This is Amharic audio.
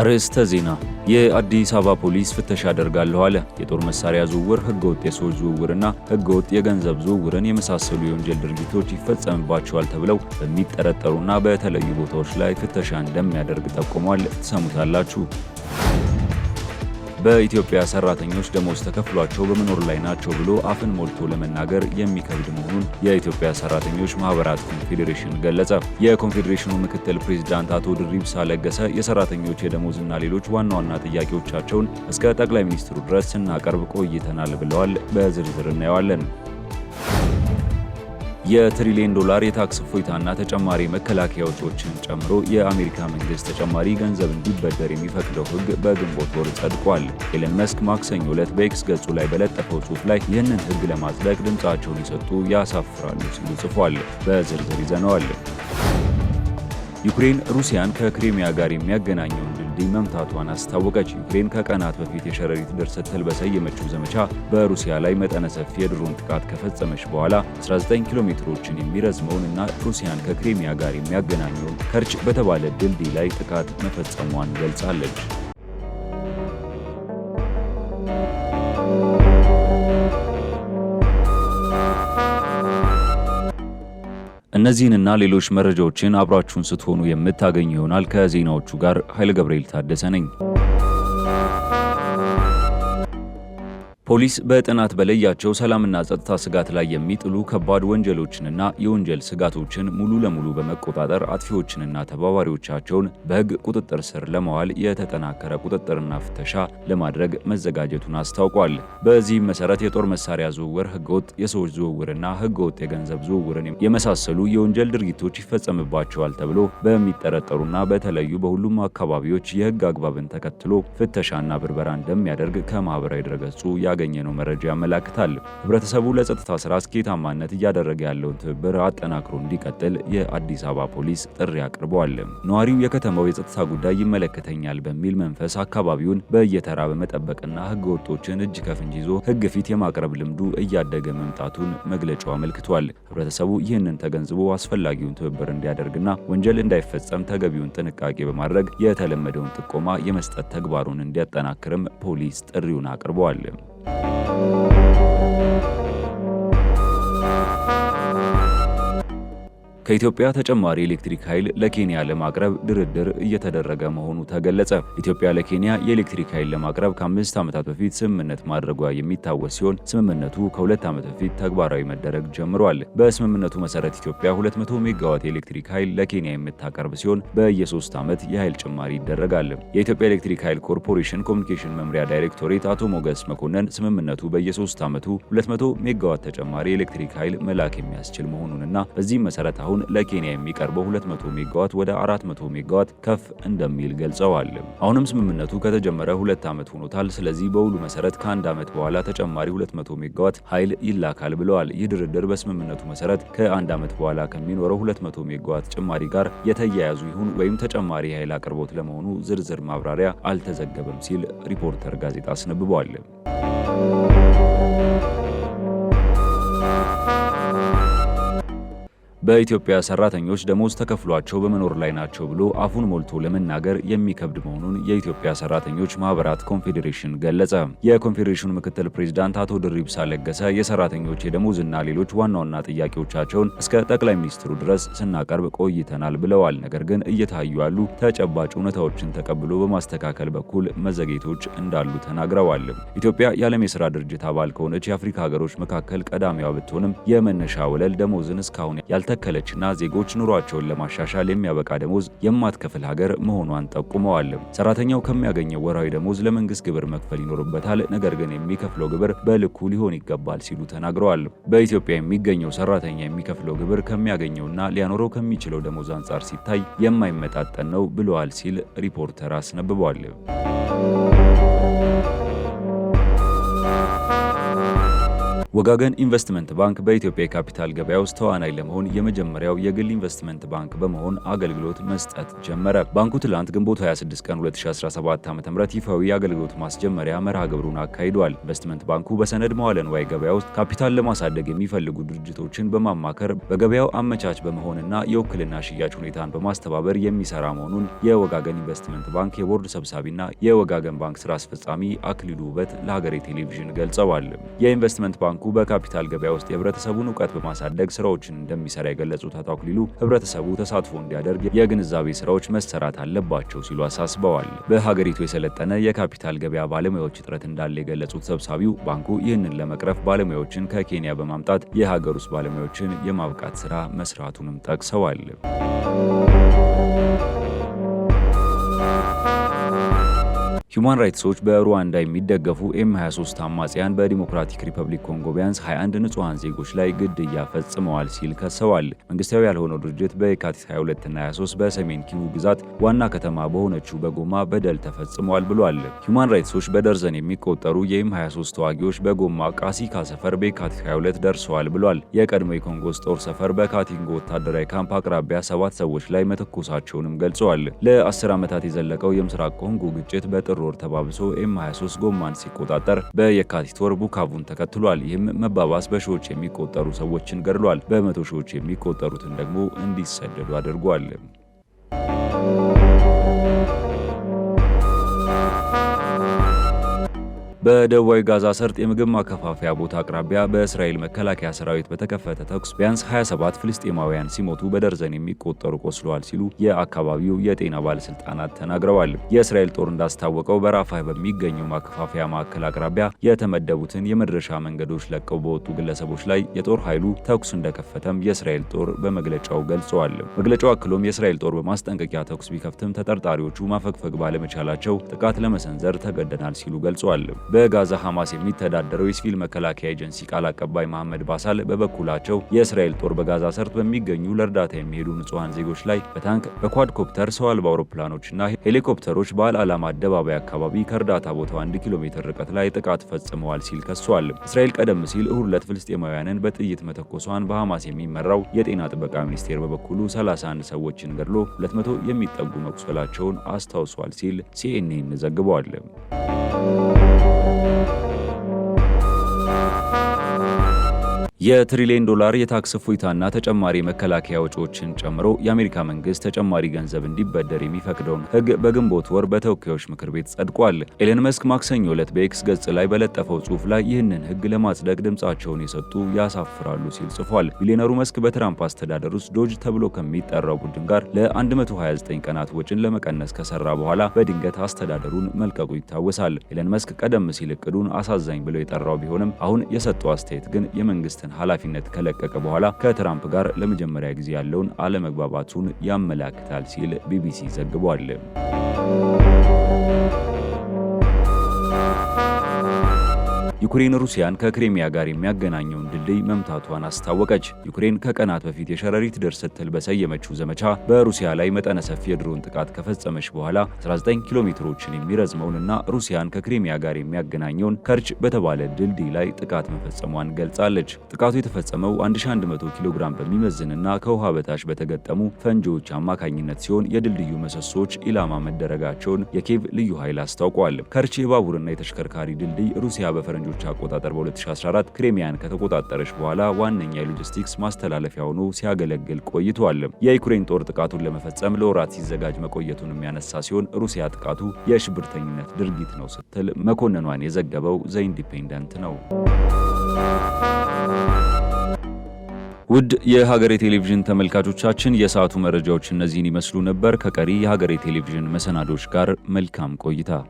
አርዕስተ ዜና የአዲስ አበባ ፖሊስ ፍተሻ አደርጋለሁ አለ። የጦር መሳሪያ ዝውውር፣ ህገወጥ የሰዎች ዝውውርና ህገወጥ የገንዘብ ዝውውርን የመሳሰሉ የወንጀል ድርጊቶች ይፈጸምባቸዋል ተብለው በሚጠረጠሩና በተለዩ ቦታዎች ላይ ፍተሻ እንደሚያደርግ ጠቁሟል። ትሰሙታላችሁ። በኢትዮጵያ ሰራተኞች ደሞዝ ተከፍሏቸው በመኖር ላይ ናቸው ብሎ አፍን ሞልቶ ለመናገር የሚከብድ መሆኑን የኢትዮጵያ ሰራተኞች ማህበራት ኮንፌዴሬሽን ገለጸ። የኮንፌዴሬሽኑ ምክትል ፕሬዚዳንት አቶ ድሪብሳ ለገሰ የሰራተኞች የደሞዝና ሌሎች ዋና ዋና ጥያቄዎቻቸውን እስከ ጠቅላይ ሚኒስትሩ ድረስ ስናቀርብ ቆይተናል ብለዋል። በዝርዝር እናየዋለን። የትሪሊየን ዶላር የታክስ እፎይታና ተጨማሪ መከላከያ ወጪዎችን ጨምሮ የአሜሪካ መንግስት ተጨማሪ ገንዘብ እንዲበደር የሚፈቅደው ሕግ በግንቦት ወር ጸድቋል። ኤለን መስክ ማክሰኞ ዕለት በኤክስ ገጹ ላይ በለጠፈው ጽሑፍ ላይ ይህንን ሕግ ለማጽደቅ ድምፃቸውን የሰጡ ያሳፍራሉ ሲሉ ጽፏል። በዝርዝር ይዘነዋል። ዩክሬን ሩሲያን ከክሪሚያ ጋር የሚያገናኘውን ማዕድን መምታቷን አስታወቀች። ዩክሬን ከቀናት በፊት የሸረሪት ድርሰት ተልበሰየመችው ዘመቻ በሩሲያ ላይ መጠነ ሰፊ የድሮን ጥቃት ከፈጸመች በኋላ 19 ኪሎ ሜትሮችን የሚረዝመውን እና ሩሲያን ከክሬሚያ ጋር የሚያገናኘውን ከርች በተባለ ድልድይ ላይ ጥቃት መፈጸሟን ገልጻለች። እነዚህንና ሌሎች መረጃዎችን አብራችሁን ስትሆኑ የምታገኙ ይሆናል። ከዜናዎቹ ጋር ኃይለ ገብርኤል ታደሰ ነኝ። ፖሊስ በጥናት በለያቸው ሰላምና ጸጥታ ስጋት ላይ የሚጥሉ ከባድ ወንጀሎችንና የወንጀል ስጋቶችን ሙሉ ለሙሉ በመቆጣጠር አጥፊዎችንና ተባባሪዎቻቸውን በሕግ ቁጥጥር ስር ለመዋል የተጠናከረ ቁጥጥርና ፍተሻ ለማድረግ መዘጋጀቱን አስታውቋል። በዚህም መሰረት የጦር መሳሪያ ዝውውር፣ ሕገወጥ የሰዎች ዝውውርና ሕገወጥ የገንዘብ ዝውውርን የመሳሰሉ የወንጀል ድርጊቶች ይፈጸምባቸዋል ተብሎ በሚጠረጠሩና በተለዩ በሁሉም አካባቢዎች የሕግ አግባብን ተከትሎ ፍተሻና ብርበራ እንደሚያደርግ ከማህበራዊ ድረገጹ ያገኘነው መረጃ ያመላክታል። ህብረተሰቡ ለጸጥታ ስራ ስኬታማነት እያደረገ ያለውን ትብብር አጠናክሮ እንዲቀጥል የአዲስ አበባ ፖሊስ ጥሪ አቅርበዋል። ነዋሪው የከተማው የጸጥታ ጉዳይ ይመለከተኛል በሚል መንፈስ አካባቢውን በየተራ በመጠበቅና ህገ ወጦችን እጅ ከፍንጅ ይዞ ህግ ፊት የማቅረብ ልምዱ እያደገ መምጣቱን መግለጫው አመልክቷል። ህብረተሰቡ ይህንን ተገንዝቦ አስፈላጊውን ትብብር እንዲያደርግና ወንጀል እንዳይፈጸም ተገቢውን ጥንቃቄ በማድረግ የተለመደውን ጥቆማ የመስጠት ተግባሩን እንዲያጠናክርም ፖሊስ ጥሪውን አቅርበዋል። Música ከኢትዮጵያ ተጨማሪ ኤሌክትሪክ ኃይል ለኬንያ ለማቅረብ ድርድር እየተደረገ መሆኑ ተገለጸ። ኢትዮጵያ ለኬንያ የኤሌክትሪክ ኃይል ለማቅረብ ከአምስት ዓመታት በፊት ስምምነት ማድረጓ የሚታወስ ሲሆን ስምምነቱ ከሁለት ዓመት በፊት ተግባራዊ መደረግ ጀምሯል። በስምምነቱ መሰረት ኢትዮጵያ 200 ሜጋዋት የኤሌክትሪክ ኃይል ለኬንያ የምታቀርብ ሲሆን በየሶስት ዓመት የኃይል ጭማሪ ይደረጋል። የኢትዮጵያ ኤሌክትሪክ ኃይል ኮርፖሬሽን ኮሚኒኬሽን መምሪያ ዳይሬክቶሬት አቶ ሞገስ መኮንን ስምምነቱ በየሶስት ዓመቱ 200 ሜጋዋት ተጨማሪ የኤሌክትሪክ ኃይል መላክ የሚያስችል መሆኑንና በዚህም መሰረት አሁን ሲሆን ለኬንያ የሚቀርበው 200 ሜጋዋት ወደ 400 ሜጋዋት ከፍ እንደሚል ገልጸዋል። አሁንም ስምምነቱ ከተጀመረ ሁለት ዓመት ሆኖታል። ስለዚህ በውሉ መሰረት ከአንድ ዓመት በኋላ ተጨማሪ 200 ሜጋዋት ኃይል ይላካል ብለዋል። ይህ ድርድር በስምምነቱ መሰረት ከአንድ ዓመት በኋላ ከሚኖረው 200 ሜጋዋት ጭማሪ ጋር የተያያዙ ይሁን ወይም ተጨማሪ የኃይል አቅርቦት ለመሆኑ ዝርዝር ማብራሪያ አልተዘገበም ሲል ሪፖርተር ጋዜጣ አስነብቧል። በኢትዮጵያ ሰራተኞች ደሞዝ ተከፍሏቸው በመኖር ላይ ናቸው ብሎ አፉን ሞልቶ ለመናገር የሚከብድ መሆኑን የኢትዮጵያ ሰራተኞች ማህበራት ኮንፌዴሬሽን ገለጸ። የኮንፌዴሬሽኑ ምክትል ፕሬዚዳንት አቶ ድሪብሳ ለገሰ የሰራተኞች የደሞዝና ሌሎች ዋና ዋና ጥያቄዎቻቸውን እስከ ጠቅላይ ሚኒስትሩ ድረስ ስናቀርብ ቆይተናል ብለዋል። ነገር ግን እየታዩ ያሉ ተጨባጭ እውነታዎችን ተቀብሎ በማስተካከል በኩል መዘግየቶች እንዳሉ ተናግረዋል። ኢትዮጵያ የዓለም የስራ ድርጅት አባል ከሆነች የአፍሪካ ሀገሮች መካከል ቀዳሚዋ ብትሆንም የመነሻ ወለል ደሞዝን እስካሁን ያልተ የከለከለችና ዜጎች ኑሯቸውን ለማሻሻል የሚያበቃ ደሞዝ የማትከፍል ሀገር መሆኗን ጠቁመዋል። ሰራተኛው ከሚያገኘው ወርሃዊ ደሞዝ ለመንግስት ግብር መክፈል ይኖርበታል፣ ነገር ግን የሚከፍለው ግብር በልኩ ሊሆን ይገባል ሲሉ ተናግረዋል። በኢትዮጵያ የሚገኘው ሰራተኛ የሚከፍለው ግብር ከሚያገኘውና ሊያኖረው ከሚችለው ደሞዝ አንጻር ሲታይ የማይመጣጠን ነው ብለዋል ሲል ሪፖርተር አስነብቧል። ወጋገን ኢንቨስትመንት ባንክ በኢትዮጵያ የካፒታል ገበያ ውስጥ ተዋናይ ለመሆን የመጀመሪያው የግል ኢንቨስትመንት ባንክ በመሆን አገልግሎት መስጠት ጀመረ። ባንኩ ትላንት ግንቦት 26 ቀን 2017 ዓ ም ይፋዊ የአገልግሎት ማስጀመሪያ መርሃ ግብሩን አካሂዷል። ኢንቨስትመንት ባንኩ በሰነድ መዋለ ንዋይ ገበያ ውስጥ ካፒታል ለማሳደግ የሚፈልጉ ድርጅቶችን በማማከር በገበያው አመቻች በመሆንና የውክልና ሽያጭ ሁኔታን በማስተባበር የሚሰራ መሆኑን የወጋገን ኢንቨስትመንት ባንክ የቦርድ ሰብሳቢና የወጋገን ባንክ ስራ አስፈጻሚ አክሊሉ ውበት ለሀገሬ ቴሌቪዥን ገልጸዋል። የኢንቨስትመንት ባንክ ባንኩ በካፒታል ገበያ ውስጥ የህብረተሰቡን እውቀት በማሳደግ ስራዎችን እንደሚሰራ የገለጹት አቶ አክሊሉ ህብረተሰቡ ተሳትፎ እንዲያደርግ የግንዛቤ ስራዎች መሰራት አለባቸው ሲሉ አሳስበዋል። በሀገሪቱ የሰለጠነ የካፒታል ገበያ ባለሙያዎች እጥረት እንዳለ የገለጹት ሰብሳቢው ባንኩ ይህንን ለመቅረፍ ባለሙያዎችን ከኬንያ በማምጣት የሀገር ውስጥ ባለሙያዎችን የማብቃት ስራ መስራቱንም ጠቅሰዋል። ሂውማን ራይትስ ዎች በሩዋንዳ የሚደገፉ ኤም 23 አማጽያን በዲሞክራቲክ ሪፐብሊክ ኮንጎ ቢያንስ 21 ንጹሐን ዜጎች ላይ ግድያ ፈጽመዋል ሲል ከሰዋል። መንግስታዊ ያልሆነው ድርጅት በየካቲት 22ና 23 በሰሜን ኪቡ ግዛት ዋና ከተማ በሆነችው በጎማ በደል ተፈጽመዋል ብሏል። ሂውማን ራይትስ ዎች በደርዘን የሚቆጠሩ የኤም 23 ተዋጊዎች በጎማ ቃሲካ ሰፈር በየካቲት 22 ደርሰዋል ብሏል። የቀድሞ የኮንጎ ጦር ሰፈር በካቲንጎ ወታደራዊ ካምፕ አቅራቢያ ሰባት ሰዎች ላይ መተኮሳቸውንም ገልጸዋል። ለ10 ዓመታት የዘለቀው የምስራቅ ኮንጎ ግጭት በጥ ሮር ተባብሶ ኤም 23 ጎማን ሲቆጣጠር በየካቲት ወር ቡካቡን ተከትሏል። ይህም መባባስ በሺዎች የሚቆጠሩ ሰዎችን ገድሏል። በመቶ ሺዎች የሚቆጠሩትን ደግሞ እንዲሰደዱ አድርጓል። በደቡባዊ ጋዛ ሰርጥ የምግብ ማከፋፈያ ቦታ አቅራቢያ በእስራኤል መከላከያ ሰራዊት በተከፈተ ተኩስ ቢያንስ 27 ፍልስጤማውያን ሲሞቱ በደርዘን የሚቆጠሩ ቆስለዋል ሲሉ የአካባቢው የጤና ባለስልጣናት ተናግረዋል። የእስራኤል ጦር እንዳስታወቀው በራፋ በሚገኘው ማከፋፈያ ማዕከል አቅራቢያ የተመደቡትን የመድረሻ መንገዶች ለቀው በወጡ ግለሰቦች ላይ የጦር ኃይሉ ተኩስ እንደከፈተም የእስራኤል ጦር በመግለጫው ገልጸዋል። መግለጫው አክሎም የእስራኤል ጦር በማስጠንቀቂያ ተኩስ ቢከፍትም ተጠርጣሪዎቹ ማፈግፈግ ባለመቻላቸው ጥቃት ለመሰንዘር ተገደናል ሲሉ ገልጸዋል። በጋዛ ሐማስ የሚተዳደረው የሲቪል መከላከያ ኤጀንሲ ቃል አቀባይ መሐመድ ባሳል በበኩላቸው የእስራኤል ጦር በጋዛ ሰርጥ በሚገኙ ለእርዳታ የሚሄዱ ንጹሐን ዜጎች ላይ በታንክ በኳድኮፕተር፣ ሰው አልባ አውሮፕላኖችና ሄሊኮፕተሮች ባለ ዓላማ አደባባይ አካባቢ ከእርዳታ ቦታው አንድ ኪሎ ሜትር ርቀት ላይ ጥቃት ፈጽመዋል ሲል ከሷል። እስራኤል ቀደም ሲል እሁድ ዕለት ፍልስጤማውያንን በጥይት መተኮሷን በሐማስ የሚመራው የጤና ጥበቃ ሚኒስቴር በበኩሉ 31 ሰዎችን ገድሎ 200 የሚጠጉ መቁሰላቸውን አስታውሷል ሲል ሲኤንኤን ዘግቧል። Música የትሪሊየን ዶላር የታክስ እፎይታና ተጨማሪ መከላከያ ወጪዎችን ጨምሮ የአሜሪካ መንግስት ተጨማሪ ገንዘብ እንዲበደር የሚፈቅደውን ሕግ በግንቦት ወር በተወካዮች ምክር ቤት ጸድቋል። ኤለን መስክ ማክሰኞ ዕለት በኤክስ ገጽ ላይ በለጠፈው ጽሑፍ ላይ ይህንን ሕግ ለማጽደቅ ድምፃቸውን የሰጡ ያሳፍራሉ ሲል ጽፏል። ቢሊዮነሩ መስክ በትራምፕ አስተዳደር ውስጥ ዶጅ ተብሎ ከሚጠራው ቡድን ጋር ለ129 ቀናት ወጪን ለመቀነስ ከሰራ በኋላ በድንገት አስተዳደሩን መልቀቁ ይታወሳል። ኤለን መስክ ቀደም ሲል እቅዱን አሳዛኝ ብለው የጠራው ቢሆንም አሁን የሰጠው አስተያየት ግን የመንግስትን የመንግስትን ኃላፊነት ከለቀቀ በኋላ ከትራምፕ ጋር ለመጀመሪያ ጊዜ ያለውን አለመግባባቱን ያመላክታል ሲል ቢቢሲ ዘግቧል። ዩክሬን ሩሲያን ከክሬሚያ ጋር የሚያገናኘውን ድልድይ መምታቷን አስታወቀች። ዩክሬን ከቀናት በፊት የሸረሪት ድርሰት ስትል በሰየመችው ዘመቻ በሩሲያ ላይ መጠነ ሰፊ የድሮን ጥቃት ከፈጸመች በኋላ 19 ኪሎ ሜትሮችን የሚረዝመውንና ሩሲያን ከክሬሚያ ጋር የሚያገናኘውን ከርች በተባለ ድልድይ ላይ ጥቃት መፈጸሟን ገልጻለች። ጥቃቱ የተፈጸመው 1100 ኪሎ ግራም በሚመዝንና ከውሃ በታች በተገጠሙ ፈንጂዎች አማካኝነት ሲሆን የድልድዩ ምሰሶዎች ኢላማ መደረጋቸውን የኬቭ ልዩ ኃይል አስታውቋል። ከርች የባቡርና የተሽከርካሪ ድልድይ ሩሲያ በፈረንጆ ፈረንጆች አቆጣጠር በ2014 ክሬሚያን ከተቆጣጠረች በኋላ ዋነኛ የሎጂስቲክስ ማስተላለፊያ ሆኖ ሲያገለግል ቆይቷል። የዩክሬን ጦር ጥቃቱን ለመፈጸም ለወራት ሲዘጋጅ መቆየቱን የሚያነሳ ሲሆን ሩሲያ ጥቃቱ የሽብርተኝነት ድርጊት ነው ስትል መኮንኗን የዘገበው ዘ ኢንዲፔንደንት ነው። ውድ የሀገሬ ቴሌቪዥን ተመልካቾቻችን የሰዓቱ መረጃዎች እነዚህን ይመስሉ ነበር። ከቀሪ የሀገሬ ቴሌቪዥን መሰናዶች ጋር መልካም ቆይታ